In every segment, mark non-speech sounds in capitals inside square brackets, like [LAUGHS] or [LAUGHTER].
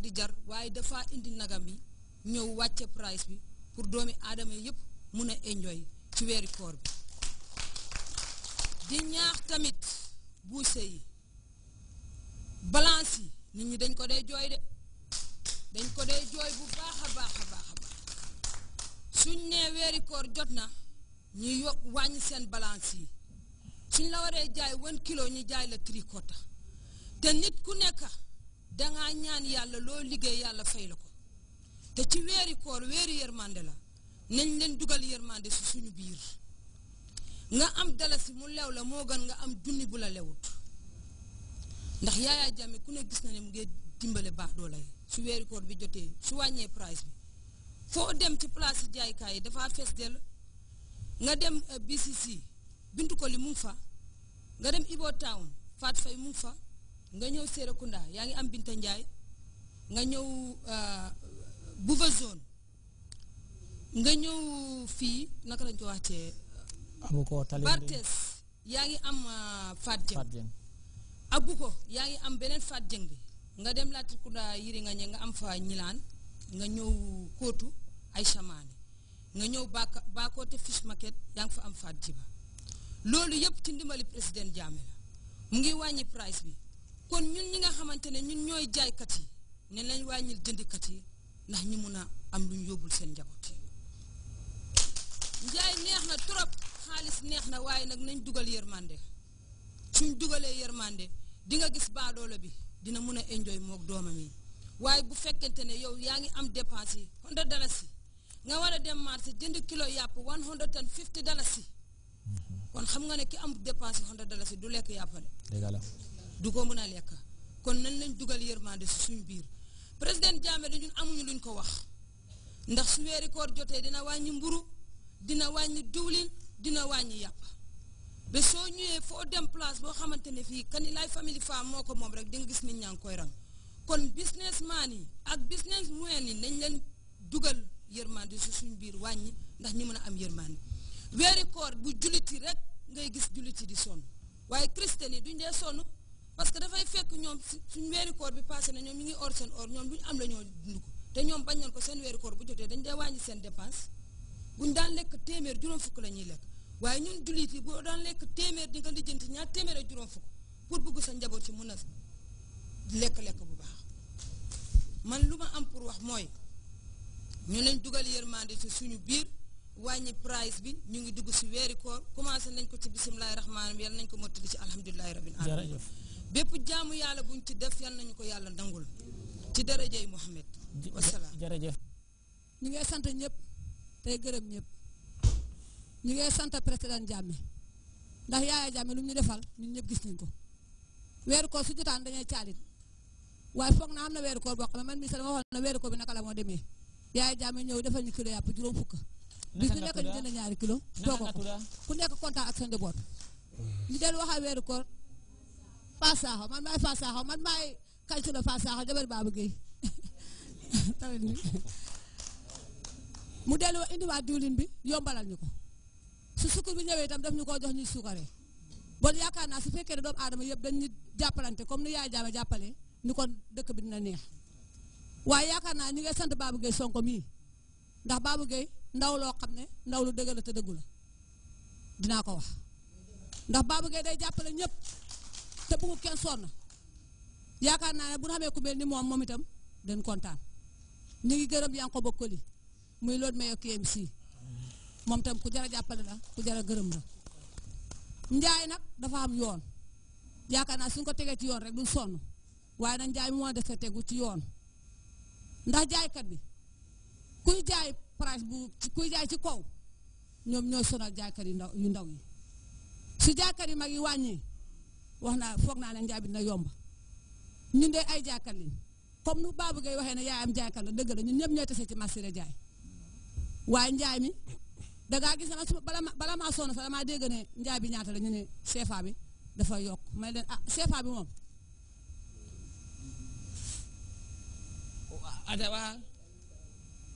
di jar waaye dafa indi nagam bi ñëw wàcce price bi pour doomi aadama yëpp mun a enjoy ci weeri koor bi di ñaax tamit boucher yi balance yi nit ñi dañ ko dee jooy de dañ ko dee jooy bu baax a baax a baax a suñ nee weeri jot na ñuy yokk wàññi seen balance yi suñ la waree jaay wan kilo ñu jaay la tricota te nit ku nekk dangaa ñaan yàlla loo liggéey yàlla fay la ko te ci weeri koor weeri yërmande la nañ leen dugal yërmande si suñu biir nga am dalasi mu lew la moo gën nga am dundi bu la lewut ndax yaayaa jame ku ne gis na ne mu ngi dimbale baax doo lay weeri koor bi jotee su wàññee price bi foo dem ci place jaaykaay yi dafa fees dell nga dem euh, BCC bintu ko li mu fa nga dem Ibo Town Faat Fay mu fa nga ñëw Serekunda yaa ngi am Binta Ndiaye nga ñëw euh, Bouva zone nga ñëw fii naka lañ ko waxcee abuko Bartes yaa ngi am euh, Fat Dieng abuko yaa ngi am beneen Fat Dieng nga dem Latrikunda yiri nga ñe nga am fa ñilaan nga ñëw kóotu ay chamaane nga ñëw baak baakoote fish market yaa ngi fa am Fat Jiba loolu yëpp ci ndimbali président Jammeh mu ngi wàññi price bi kon ñun ñi nga xamante ne ñun ñooy jaaykat yi ne lañ wàññil jëndkat yi ndax ñu mun a am lu ñu yóbbul seen njaboot yi njaay neex na trop xaalis neex na waaye nag nañ dugal yërmande suñ dugalee yërmande di nga gis baadoola bi dina mun a enjoy moog doomam yi waaye bu fekkente ne yow yaa ngi am dépense yi hundred dalasi nga war a dem marché jënd kilo yàpp one hundred and fifty dalasi mhm. kon xam nga ne ki am dépense yi hundred dalasi du lekk yàpp de du ko mën a kon nan lañ dugal yërmande si suñ biir president jame dañu amuñu luñ ko wax ndax su wéri koor joté dina wañi mburu dina wañi diwlin dina wañi yap be so ñué fo dem place bo xamantene fi kan lay Family Farm moko ko rek di gis nit ñang koy ram kon businessman yi ak business moyen yi nañ leen dugal yërmande si suñ biir wañi ndax ñu mëna am yërmande wéri koor bu juliti rek ngay gis juliti di son waye christian duñ dé sonu parce que dafay fekk ñoom suñ weeri koor bi passé na ñoom ñu ngi or seen or ñoom lu ñu am la ñoo dund ko te ñoom bañ nañ ko seen weeri koor bu jotee dañ dee wàññi seen dépense buñ daan lekk téeméer juróom fukk la ñuy lekk waaye ñun jullit yi boo daan lekk téeméer di nga lijjanti ñaar téeméer ak juróom fukk pour bëgg sa njaboot ci mun a lekk-lekk bu baax man lu ma am pour wax mooy ñu nañ dugal yërmande ci suñu biir wàññi price bi ñu ngi dugg si weeri koor commencé nañ ko ci bisimilahi rahmaani yàlla nañ ko mottali ci alhamdulilahi rabbil alamin bépp jaamu yalla buñ ci def yalla nañu ko yalla dangul ci Muhammad salaam jërëjëf ñu ngi sante ñep tay gërëm ñep ñu ngi sante président Jammeh ndax yaaya Jammeh lu ñu defal ñun ñep gis nañ ko wër ko su jotaan dañay caalit way fokk na amna wër ko koor boo man mi sama waxal na wër ko bi naka la mo yaaya ñew defal ñu kilo yapp juroom fukk bi bu nekk ñu jënd ñaari kilo ku nekk ak de ñu del waxa wër ko Sakho man maay Fatou Sakho man maay kaltu la Fatou Sakho jabar Babou Gueye [LAUGHS] tamit ni mu dellu indiwaat diwlin bi yombalal ñu ko su sukkur bi ñëwee itam daf ñu koo jox ñuy suukaree bon yaakaar naa su fekkee ne doomu aadama yëpp dañ ñu jàppalante comme ni yaay jaame jàppale ni kon dëkk bi na neex waaye yaakaar naa ñi ngi sant Babou Gueye Sonko mii ndax baabu Gueye ndaw loo xam ne ndaw lu dëgg la te dëggu la dinaa ko wax ndax Babou Gueye day jàppale ñëpp te bëggu kenn sonn yaakaar naa ne bu xamee ku mel ni moom moom itam dañ kontaan ñu ngi gërëm ko Coly muy loolu mayor KMC moom itam ku jar a jàppale la ku jar a gërëm la njaay nag dafa am yoon yaakaar naa suñ ko tegee ci yoon rek du sonn waaye nag njaay moo des a tegu ci yoon ndax jaaykat bi kuy jaay price bu kuy jaay ci kaw ñoom ñooy sonal jaaykat yu ndaw yu ndaw yi su jaaykat yi mag yi wàññee wax naa foog naa ne njaabi dina yomb ñun de ay jaakar lañ comme nu baabu ngay waxee ne yaay am jaakar la dëgg la ñun ñëpp ñooy tase ci marché de jaay waaye njaay mi da ngaa gis na bala ma bala maa sonn sax damaa dégg bi ñaata la ñu ne CFA bi dafa yokk may leen ah CFA bi moom.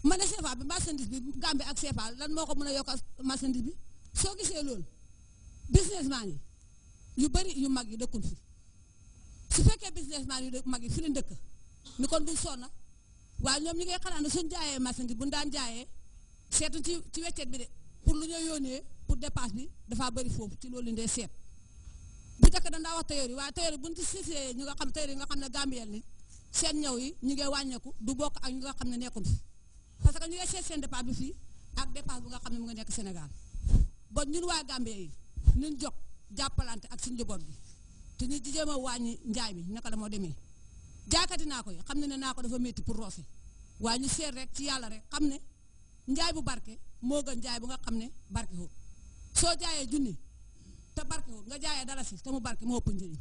ma ne CFA bi marchandise bi Gambie ak CFA lan moo ko mën a yokk marchandise bi soo gisee loolu businessman yi. yu bëri yu mag yi dëkkun fi su fekkee businessman yu mag yi fi leen dëkk ni kon duñ sonna waaye ñoom ñi ngay xalaat ne suñ jaayee marchandise bu ñu daan jaayee seetu ci ci weccet bi de pour lu ñoo yónnee pour dépense bi dafaa bëri foofu ci loolu ndee seet bu njëkk dañ daa wax tailleur yi waaye tailleur yi bu nga xam tailleur yi nga xam ne gambiyel li seen ñëw yi ñu ngi wàññeeku du bokk ak ñu nga xam ne nekkul fi parce que ñu ngi seet seen dépense bi fii ak dépense bu nga xam ne mu nga nekk Sénégal bon ñun waa Gambie yi ñun jog jàppalante ak suñu njaboot bi te ñu jéem a wàññi njaay bi naka la moo demee jaakati naa ko yi xam ne ne naa ko dafa métti pour roose waaye ñu rek ci yàlla rek xam ne njaay bu barke moo gën njaay bu nga xam ne barke woo soo jaayee junni te barke woo nga jaayee dara si te mu barke moo ëpp njëriñ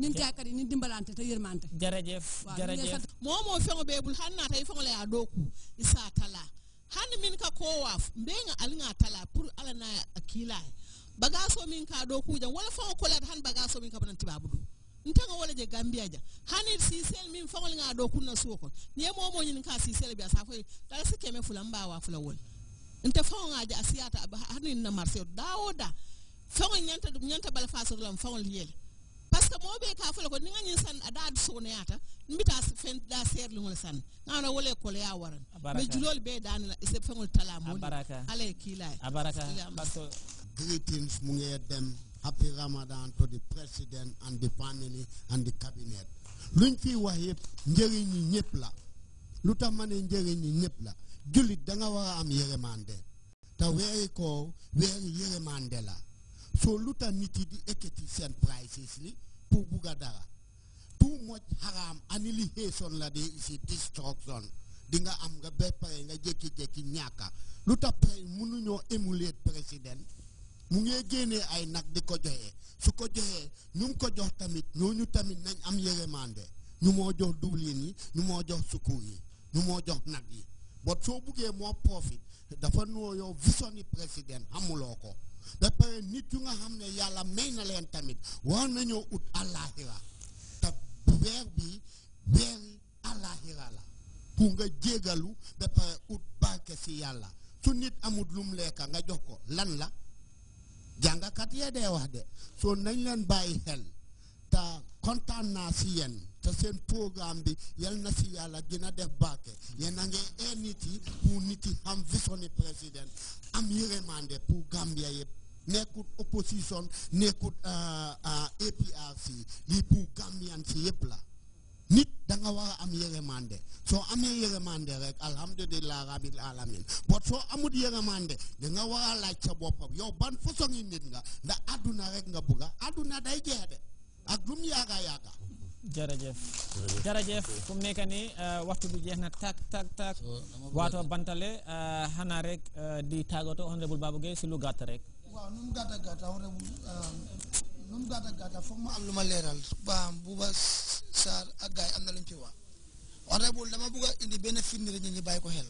ñun jaaykat yi ñu dimbalante te yërmante jërëjëf jërëjëf moo moo feŋo beebul han naa tay feŋo la yaa dooku isaa tala hani min ka koowaaf mbee ŋa tala pour ala naa bagaso min ka do kujan wala fa kolat han bagaso min ka banan tibabu du ntanga wala je gambia ja hani sisel min fa nga do kunna suko ne mo mo nyin ka sisel bi asa foi dal se keme fulan ba fula wol nta fa nga ja asiyata hani na marse dawo yele parce que mo ka fula ko ninga nyin san ada du so mbita fen da ser lu ngol san ngana wala ko ya greetings Mungedem. Happy Ramadan to the president and the family and the cabinet. luñ fi njeri ñi ñëpp Luta mane njeri ñi ñëpp la jullit danga war a am yërëmande te weeri koor weeri yërëmande la soo lu tax nit yi di ekkati seen prices li pour bugg too much haram annihilation la de si destruction di nga am nga ba pare nga jékki-jékki ñàkka lu tax pare mënuñoo émuler président mu ngee génnee ay nag di ko joxee su ko joxee ñu ko jox tamit ñu tamit nañ am yërmande ñu moo jox duwlin yi ñu moo jox sukkur yi ñu moo jox nag yi bot soo buggee moo profit dafa noo yow vision yi président xamuloo ko da nit yu nga xam ne yàlla may na leen tamit war nañoo ut àllaaxira te weer bi weeri àllaaxira la pour nga jégalu da pare ut barke si yàlla su nit amut lum lekka nga jox ko lan la jàngakat yee dee wax de soo nañ leen bàyyi xel te kontaan naa si yéen te seen programme bi yal na si yàlla dina def barke yéen a ngi ee nit yi pour nit yi xam vision ni président am yërëmande pour Gambia yëpp nekkut opposition nekkut euh, euh, APRC lii pour Gambian si yëpp la nit danga nga war a am yërëmande soo amee yërëmande rek alhamdulilah rabil alamin bot soo amut yërëmande danga nga war a laaj sa boppam yow ban façon yi nit nga ndax àdduna rek nga bugga àdduna day jeex de ak lum yaaga yaaga jërëjëf jërëjëf fu mu nekk nii euh, waxtu bi jeex na tak tak tak waatoo bantale euh, xanaa rek euh, di tàggatoo honorable Babou Gueye si lu gàtt rek nu mu gàtt gàtt honorable nu a leeral ba bu Sarr ak gars yi am na lu ñu ci wax wax na bul dama bëgg a indi benn firnde nit ñi bàyyi ko xel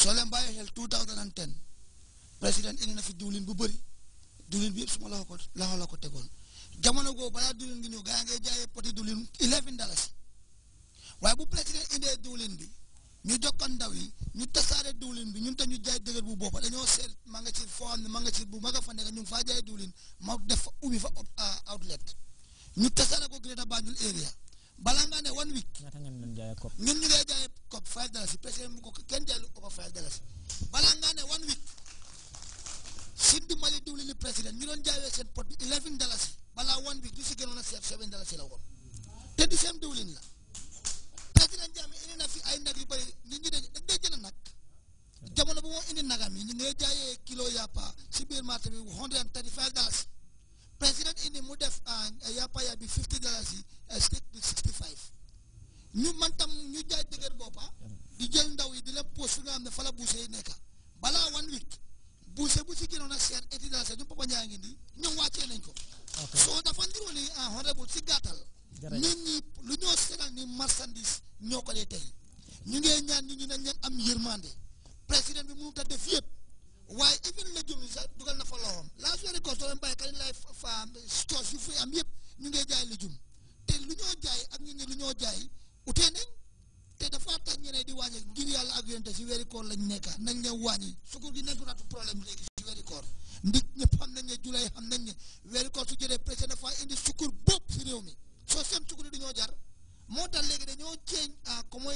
soo leen bàyyi xel 2010 président indi na fi diwlin bu bëri diwlin bi yëpp suma loxo ko loxo la ko tegoon jamono googu balaa diwlin gi ñëw gaa ngay jaayee poti diwlin 11 dalasi waaye bu président indee diwlin bi ñu jokkoon ndaw yi ñu tasaare diwlin bi ñun tam ñu jaay dëgër bu bopp dañoo seet maa nga ci foo xam ne maa nga ci bu ma nga fa nekk ñu ngi faa jaay diwlin ma def fa ubbi fa outlet ñu tasaare ko Greater Banjul area balaa ngaa ne one week. ñaata ngeen doon jaayee COP. ñun ñu ngi jaayee COP five dalasi PCM bu ko kenn jaayee lu COP five dalasi balaa ngaa ne one week Sidi Mali diwlini président ñu doon jaayee seen pot si gënoon a seet seven dalasi la woon te di seen diwlin la président Jammeh indi na ay nag yu bëri nit ñi dañ day jënd nag jamono bu moo indi nagam yi ñu ngi jaayee kilo yàppa si biir marché bi hundred and thirty five dalasi president ini mu def yàppa ah, eh, ya bi ya, 50 dollars yi stick bi 65. New ñu mantam ñu jaay dëgër boppa di jël ndaw yi di leen poos nga xam ne fa la nekka balaa one week buuse bu si gënoon a seer eighty dollars ñu papa ñaa ngi nii ñoom wàccee nañ ko Nini dafa ndiroo ni en ah, honorable si gàttal nit ñi lu ñoo seeral ni marchandise ñoo ko dee ñu ngee ñaan nit ñi nañ am yërmande président bi mënut a def yëpp waaye even légumes yi sax dugal na fa loxoom laa su weeri kosto leen bàyyi kañ lay faam stores yu fi am yëpp ñu ngee jaay légume te lu ñoo jaay ak ñu ne lu ñoo jaay utee nañ te dafa tax ñeneen di wàññi ngir yàlla si weeri lañ nekka nañ leen wàññi sukkur gi nekkul atu problème léegi si weeri koor nit ñëpp xam nañ ne julaay xam nañ ne weeri koor su jëlee président dafa indi sukkur bopp si réew mi soo seem sukkur du ñoo jar moo tax léegi dañoo ceeñ ah